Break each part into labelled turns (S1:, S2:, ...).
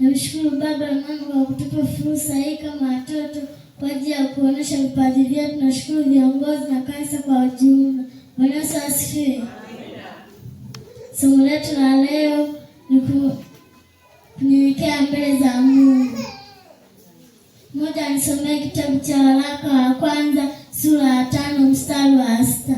S1: Namshukuru Baba mama kwa kutupa fursa hii kama watoto kwa ajili ya kuonyesha vipaji vyetu. Nashukuru viongozi na kanisa kwa ujumla. Bwana Yesu asifiwe. Somo letu la leo ni kunyenyekea mbele za Mungu. moja nisomee kitabu cha waraka wa kwanza sura ya tano mstari wa sita.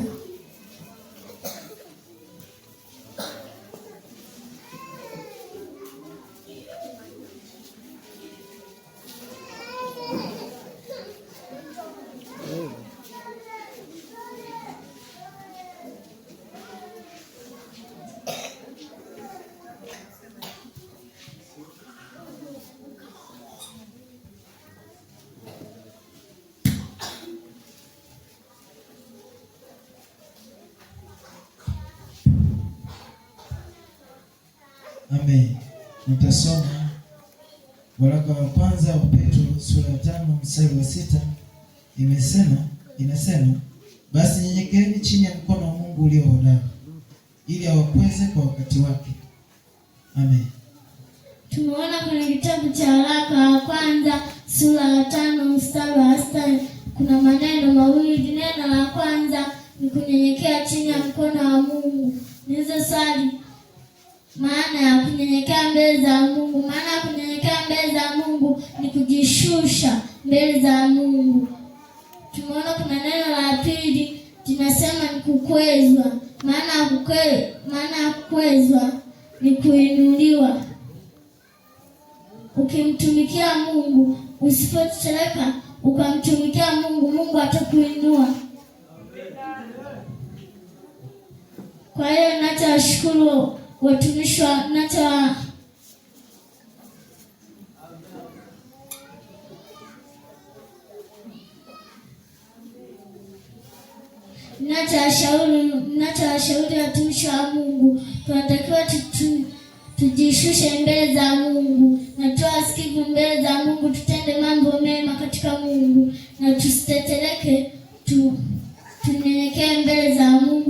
S2: Amen. Nitasoma waraka wa kwanza wa Petro sura ya tano mstari wa sita imesema inasema, basi nyenyekeeni chini ya mkono wa Mungu ulio hodari ili awakweze kwa wakati wake. Amen.
S1: Tumeona kwenye kitabu cha waraka wa kwanza sura ya tano mstari wa sita kuna maneno mawili. Neno la kwanza ni kunyenyekea chini ya mkono wa Mungu. Nizo swali maana kunyenyekea mbele za Mungu, maana kunyenyekea mbele za Mungu ni kujishusha mbele za Mungu. Tumeona kuna neno la pili tunasema ni kukwezwa, maana kukwe, maana kukwezwa ni kuinuliwa. Ukimtumikia Mungu, usipotereka ukamtumikia Mungu, Mungu atakuinua. Kwa hiyo ninachowashukuru watumishi wa NATA NATA washauri watumishi wa Mungu tunatakiwa tujishushe mbele za Mungu na sikivu mbele za Mungu, tutende mambo mema katika Mungu na tusiteteleke tu, tunyenyekee mbele za Mungu.